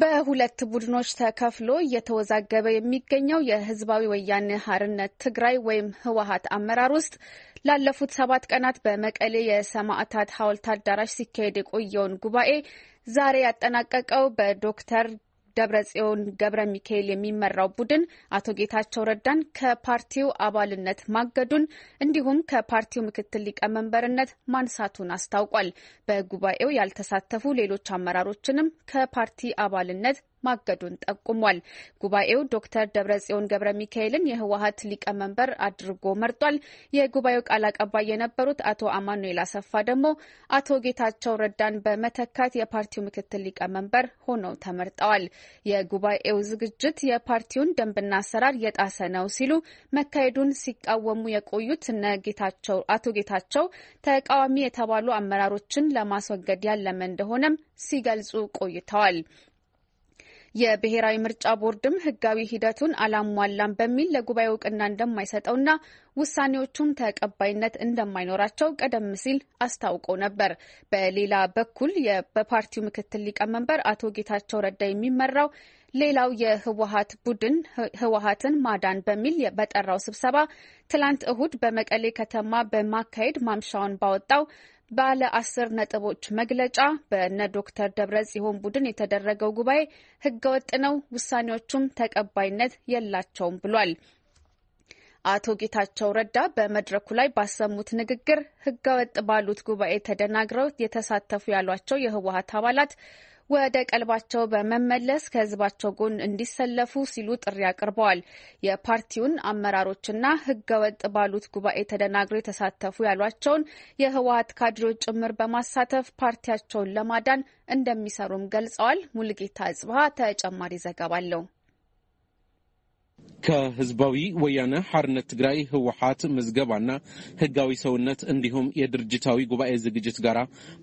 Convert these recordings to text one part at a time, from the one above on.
በሁለት ቡድኖች ተከፍሎ እየተወዛገበ የሚገኘው የህዝባዊ ወያኔ ሀርነት ትግራይ ወይም ህወሀት አመራር ውስጥ ላለፉት ሰባት ቀናት በመቀሌ የሰማዕታት ሐውልት አዳራሽ ሲካሄድ የቆየውን ጉባኤ ዛሬ ያጠናቀቀው በዶክተር ደብረጽዮን ገብረ ሚካኤል የሚመራው ቡድን አቶ ጌታቸው ረዳን ከፓርቲው አባልነት ማገዱን እንዲሁም ከፓርቲው ምክትል ሊቀመንበርነት ማንሳቱን አስታውቋል። በጉባኤው ያልተሳተፉ ሌሎች አመራሮችንም ከፓርቲ አባልነት ማገዱን ጠቁሟል። ጉባኤው ዶክተር ደብረጽዮን ገብረ ሚካኤልን የህወሀት ሊቀመንበር አድርጎ መርጧል። የጉባኤው ቃል አቀባይ የነበሩት አቶ አማኑኤል አሰፋ ደግሞ አቶ ጌታቸው ረዳን በመተካት የፓርቲው ምክትል ሊቀመንበር ሆነው ተመርጠዋል። የጉባኤው ዝግጅት የፓርቲውን ደንብና አሰራር የጣሰ ነው ሲሉ መካሄዱን ሲቃወሙ የቆዩት እነ ጌታቸው አቶ ጌታቸው ተቃዋሚ የተባሉ አመራሮችን ለማስወገድ ያለመ እንደሆነም ሲገልጹ ቆይተዋል። የብሔራዊ ምርጫ ቦርድም ህጋዊ ሂደቱን አላሟላም በሚል ለጉባኤ እውቅና እንደማይሰጠውና ውሳኔዎቹም ተቀባይነት እንደማይኖራቸው ቀደም ሲል አስታውቆ ነበር። በሌላ በኩል በፓርቲው ምክትል ሊቀመንበር አቶ ጌታቸው ረዳ የሚመራው ሌላው የህወሀት ቡድን ህወሀትን ማዳን በሚል በጠራው ስብሰባ ትላንት እሁድ በመቀሌ ከተማ በማካሄድ ማምሻውን ባወጣው ባለ አስር ነጥቦች መግለጫ በነ ዶክተር ደብረ ጽዮን ቡድን የተደረገው ጉባኤ ህገወጥ ነው፣ ውሳኔዎቹም ተቀባይነት የላቸውም ብሏል። አቶ ጌታቸው ረዳ በመድረኩ ላይ ባሰሙት ንግግር ህገወጥ ባሉት ጉባኤ ተደናግረው የተሳተፉ ያሏቸው የህወሀት አባላት ወደ ቀልባቸው በመመለስ ከህዝባቸው ጎን እንዲሰለፉ ሲሉ ጥሪ አቅርበዋል። የፓርቲውን አመራሮችና ህገወጥ ባሉት ጉባኤ ተደናግረው የተሳተፉ ያሏቸውን የህወሀት ካድሬዎች ጭምር በማሳተፍ ፓርቲያቸውን ለማዳን እንደሚሰሩም ገልጸዋል። ሙልጌታ አጽብሃ ተጨማሪ ዘገባ አለው። ከህዝባዊ ወያነ ሐርነት ትግራይ ህወሓት ምዝገባና ህጋዊ ሰውነት እንዲሁም የድርጅታዊ ጉባኤ ዝግጅት ጋር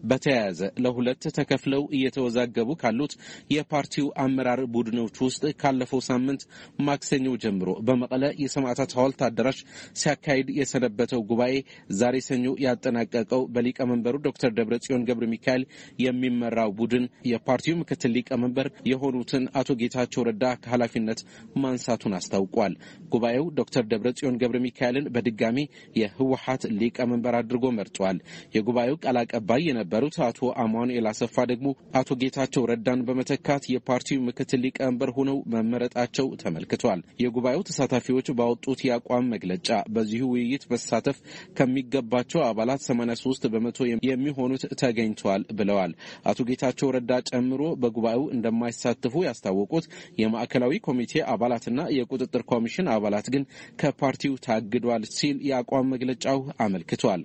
በተያያዘ ለሁለት ተከፍለው እየተወዛገቡ ካሉት የፓርቲው አመራር ቡድኖች ውስጥ ካለፈው ሳምንት ማክሰኞ ጀምሮ በመቀለ የሰማዕታት ሐውልት አዳራሽ ሲያካሂድ የሰነበተው ጉባኤ ዛሬ ሰኞ ያጠናቀቀው በሊቀመንበሩ ዶክተር ደብረ ጽዮን ገብረ ሚካኤል የሚመራው ቡድን የፓርቲው ምክትል ሊቀመንበር የሆኑትን አቶ ጌታቸው ረዳ ከኃላፊነት ማንሳቱን አስታውቋል። አስታውቋል። ጉባኤው ዶክተር ደብረጽዮን ገብረ ሚካኤልን በድጋሚ የህወሀት ሊቀመንበር አድርጎ መርጧል። የጉባኤው ቃል አቀባይ የነበሩት አቶ አማኑኤል አሰፋ ደግሞ አቶ ጌታቸው ረዳን በመተካት የፓርቲው ምክትል ሊቀመንበር ሆነው መመረጣቸው ተመልክቷል። የጉባኤው ተሳታፊዎች ባወጡት የአቋም መግለጫ በዚሁ ውይይት መሳተፍ ከሚገባቸው አባላት 83 በመቶ የሚሆኑት ተገኝተዋል ብለዋል። አቶ ጌታቸው ረዳ ጨምሮ በጉባኤው እንደማይሳተፉ ያስታወቁት የማዕከላዊ ኮሚቴ አባላትና የቁጥጥር ቁጥጥር ኮሚሽን አባላት ግን ከፓርቲው ታግዷል ሲል የአቋም መግለጫው አመልክቷል።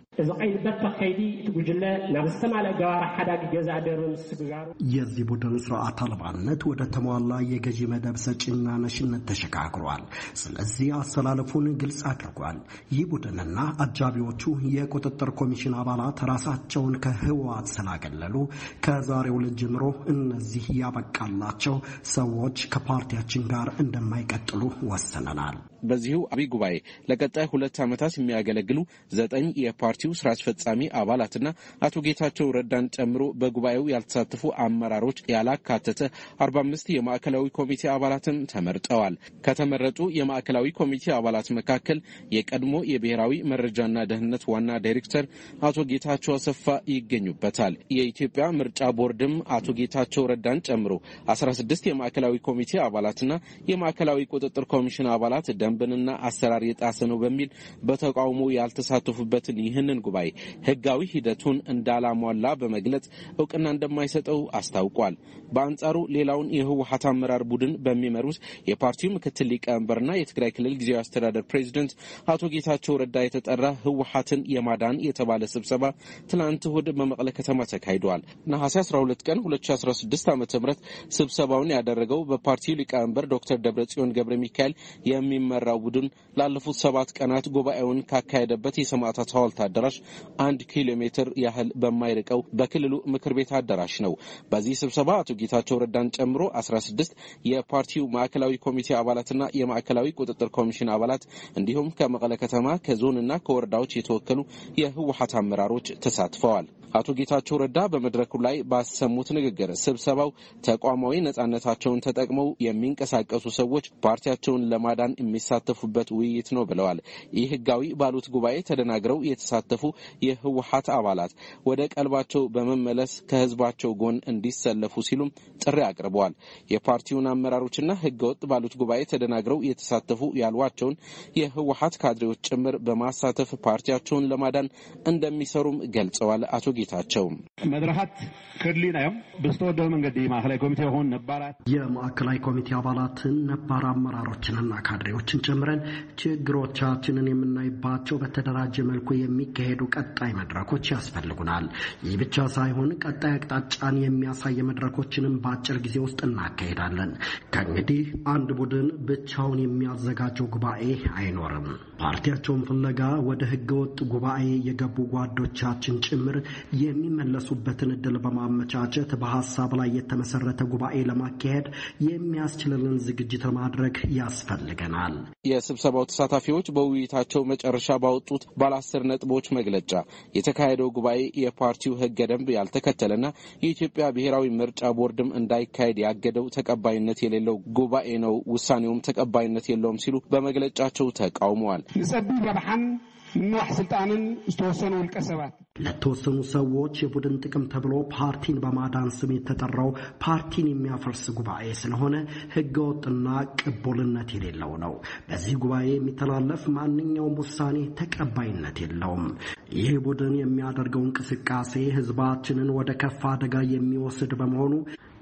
የዚህ ቡድን ስርዓት አልባነት ወደ ተሟላ የገዢ መደብ ሰጪና ነሽነት ተሸጋግሯል። ስለዚህ አስተላለፉን ግልጽ አድርጓል። ይህ ቡድንና አጃቢዎቹ የቁጥጥር ኮሚሽን አባላት ራሳቸውን ከህወሓት ስላገለሉ ከዛሬው ልጅ ጀምሮ እነዚህ ያበቃላቸው ሰዎች ከፓርቲያችን ጋር እንደማይቀጥሉ ወ ወስነናል። በዚሁ አብይ ጉባኤ ለቀጣይ ሁለት ዓመታት የሚያገለግሉ ዘጠኝ የፓርቲው ስራ አስፈጻሚ አባላትና አቶ ጌታቸው ረዳን ጨምሮ በጉባኤው ያልተሳተፉ አመራሮች ያላካተተ አርባ አምስት የማዕከላዊ ኮሚቴ አባላትም ተመርጠዋል። ከተመረጡ የማዕከላዊ ኮሚቴ አባላት መካከል የቀድሞ የብሔራዊ መረጃና ደህንነት ዋና ዳይሬክተር አቶ ጌታቸው አሰፋ ይገኙበታል። የኢትዮጵያ ምርጫ ቦርድም አቶ ጌታቸው ረዳን ጨምሮ አስራ ስድስት የማዕከላዊ ኮሚቴ አባላትና የማዕከላዊ ቁጥጥር ኮሚሽን ኮሚሽን አባላት ደንብንና አሰራር የጣሰ ነው በሚል በተቃውሞ ያልተሳተፉበትን ይህንን ጉባኤ ህጋዊ ሂደቱን እንዳላሟላ በመግለጽ እውቅና እንደማይሰጠው አስታውቋል። በአንጻሩ ሌላውን የህወሀት አመራር ቡድን በሚመሩት የፓርቲው ምክትል ሊቀመንበርና የትግራይ ክልል ጊዜያዊ አስተዳደር ፕሬዚደንት አቶ ጌታቸው ረዳ የተጠራ ህወሀትን የማዳን የተባለ ስብሰባ ትናንት እሁድ በመቀለ ከተማ ተካሂደዋል። ነሐሴ 12 ቀን 2016 ዓ ም ስብሰባውን ያደረገው በፓርቲው ሊቀመንበር ዶክተር ደብረጽዮን ገብረ ሚካኤል የሚመራው ቡድን ላለፉት ሰባት ቀናት ጉባኤውን ካካሄደበት የሰማዕታት ሐውልት አዳራሽ አንድ ኪሎ ሜትር ያህል በማይርቀው በክልሉ ምክር ቤት አዳራሽ ነው። በዚህ ስብሰባ አቶ ጌታቸው ረዳን ጨምሮ 16 የፓርቲው ማዕከላዊ ኮሚቴ አባላትና የማዕከላዊ ቁጥጥር ኮሚሽን አባላት እንዲሁም ከመቀለ ከተማ ከዞንና ከወረዳዎች የተወከሉ የህወሀት አመራሮች ተሳትፈዋል። አቶ ጌታቸው ረዳ በመድረኩ ላይ ባሰሙት ንግግር ስብሰባው ተቋማዊ ነጻነታቸውን ተጠቅመው የሚንቀሳቀሱ ሰዎች ፓርቲያቸውን ለማዳን የሚሳተፉበት ውይይት ነው ብለዋል። ይህ ህጋዊ ባሉት ጉባኤ ተደናግረው የተሳተፉ የህወሀት አባላት ወደ ቀልባቸው በመመለስ ከህዝባቸው ጎን እንዲሰለፉ ሲሉም ጥሪ አቅርበዋል። የፓርቲውን አመራሮችና ህገወጥ ባሉት ጉባኤ ተደናግረው የተሳተፉ ያሏቸውን የህወሀት ካድሬዎች ጭምር በማሳተፍ ፓርቲያቸውን ለማዳን እንደሚሰሩም ገልጸዋል። አቶ ውይይታቸው መድረሃት ክድሊናዮም ብዝተወደበ መንገዲ ማዕከላዊ ኮሚቴ ይሁን ነባራት የማዕከላዊ ኮሚቴ አባላትን ነባር አመራሮችንና ካድሬዎችን ጨምረን ችግሮቻችንን የምናይባቸው በተደራጀ መልኩ የሚካሄዱ ቀጣይ መድረኮች ያስፈልጉናል። ይህ ብቻ ሳይሆን ቀጣይ አቅጣጫን የሚያሳይ መድረኮችንም በአጭር ጊዜ ውስጥ እናካሄዳለን። ከእንግዲህ አንድ ቡድን ብቻውን የሚያዘጋጀው ጉባኤ አይኖርም። ፓርቲያቸውን ፍለጋ ወደ ህገወጥ ጉባኤ የገቡ ጓዶቻችን ጭምር የሚመለሱበትን እድል በማመቻቸት በሀሳብ ላይ የተመሰረተ ጉባኤ ለማካሄድ የሚያስችልንን ዝግጅት ለማድረግ ያስፈልገናል። የስብሰባው ተሳታፊዎች በውይይታቸው መጨረሻ ባወጡት ባለ አስር ነጥቦች መግለጫ የተካሄደው ጉባኤ የፓርቲው ህገ ደንብ ያልተከተለና የኢትዮጵያ ብሔራዊ ምርጫ ቦርድም እንዳይካሄድ ያገደው ተቀባይነት የሌለው ጉባኤ ነው፣ ውሳኔውም ተቀባይነት የለውም ሲሉ በመግለጫቸው ተቃውመዋል። ምንዋሕ ስልጣንን ዝተወሰኑ ውልቀ ሰባት ለተወሰኑ ሰዎች የቡድን ጥቅም ተብሎ ፓርቲን በማዳን ስም የተጠራው ፓርቲን የሚያፈርስ ጉባኤ ስለሆነ ህገወጥና ቅቡልነት የሌለው ነው። በዚህ ጉባኤ የሚተላለፍ ማንኛውም ውሳኔ ተቀባይነት የለውም። ይህ ቡድን የሚያደርገው እንቅስቃሴ ህዝባችንን ወደ ከፋ አደጋ የሚወስድ በመሆኑ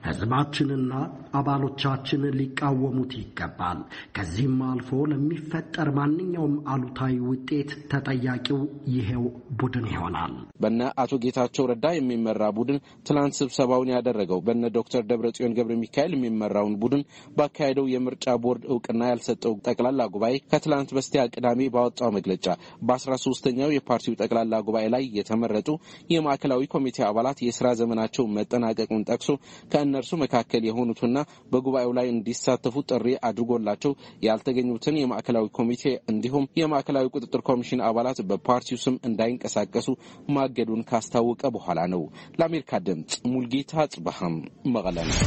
ሕዝባችንና አባሎቻችን ሊቃወሙት ይገባል። ከዚህም አልፎ ለሚፈጠር ማንኛውም አሉታዊ ውጤት ተጠያቂው ይሄው ቡድን ይሆናል። በነ አቶ ጌታቸው ረዳ የሚመራ ቡድን ትናንት ስብሰባውን ያደረገው በነ ዶክተር ደብረጽዮን ገብረ ሚካኤል የሚመራውን ቡድን ባካሄደው የምርጫ ቦርድ እውቅና ያልሰጠው ጠቅላላ ጉባኤ ከትላንት በስቲያ ቅዳሜ ባወጣው መግለጫ በአስራ ሶስተኛው የፓርቲው ጠቅላላ ጉባኤ ላይ የተመረጡ የማዕከላዊ ኮሚቴ አባላት የስራ ዘመናቸው መጠናቀቁን ጠቅሶ ከእነ ከእነርሱ መካከል የሆኑትና በጉባኤው ላይ እንዲሳተፉ ጥሪ አድርጎላቸው ያልተገኙትን የማዕከላዊ ኮሚቴ እንዲሁም የማዕከላዊ ቁጥጥር ኮሚሽን አባላት በፓርቲው ስም እንዳይንቀሳቀሱ ማገዱን ካስታወቀ በኋላ ነው። ለአሜሪካ ድምጽ ሙልጌታ ጽባሃም መቀለ ነው።